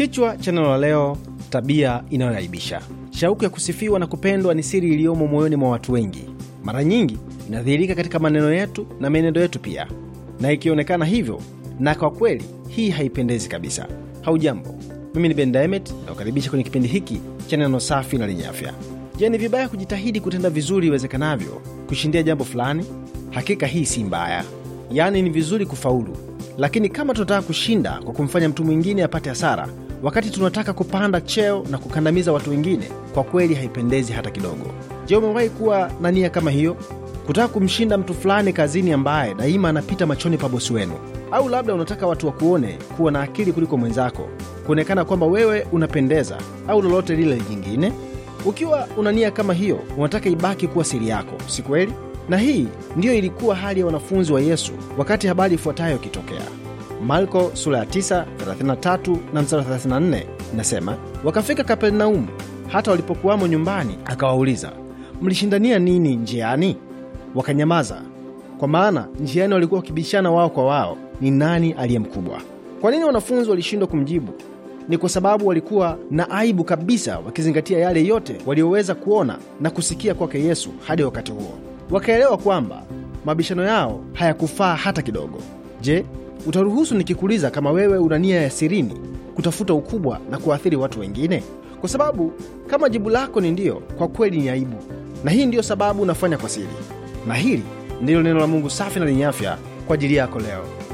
Kichwa cha neno la leo, tabia inayoaibisha. Shauku ya kusifiwa na kupendwa ni siri iliyomo moyoni mwa watu wengi. Mara nyingi inadhihirika katika maneno yetu na mienendo yetu pia, na ikionekana hivyo, na kwa kweli hii haipendezi kabisa. Haujambo, mimi ni Ben Diamond na kukaribisha kwenye kipindi hiki cha neno safi na lenye afya. Je, ni vibaya kujitahidi kutenda vizuri iwezekanavyo kushindia jambo fulani? Hakika hii si mbaya, yaani ni vizuri kufaulu, lakini kama tunataka kushinda kwa kumfanya mtu mwingine apate hasara wakati tunataka kupanda cheo na kukandamiza watu wengine, kwa kweli haipendezi hata kidogo. Je, umewahi kuwa na nia kama hiyo, kutaka kumshinda mtu fulani kazini ambaye daima anapita machoni pa bosi wenu? Au labda unataka watu wakuone kuwa na akili kuliko mwenzako, kuonekana kwamba wewe unapendeza, au lolote lile jingine? Ukiwa una nia kama hiyo, unataka ibaki kuwa siri yako, si kweli? Na hii ndiyo ilikuwa hali ya wanafunzi wa Yesu wakati habari ifuatayo ikitokea. Marko sura ya 9 na 34 inasema, wakafika Kapernaumu. Hata walipokuwamo nyumbani, akawauliza mlishindania nini njiani? Wakanyamaza, kwa maana njiani walikuwa wakibishana wao kwa wao, ni nani aliye mkubwa. Kwa nini wanafunzi walishindwa kumjibu? Ni kwa sababu walikuwa na aibu kabisa, wakizingatia yale yote walioweza kuona na kusikia kwake Yesu hadi wakati huo. Wakaelewa kwamba mabishano yao hayakufaa hata kidogo. Je, Utaruhusu nikikuuliza kama wewe una nia ya sirini kutafuta ukubwa na kuathiri watu wengine? Kwa sababu kama jibu lako ni ndiyo, kwa kweli ni aibu, na hii ndiyo sababu unafanya kwa siri. Na hili ndilo neno la Mungu safi na lenye afya kwa ajili yako leo.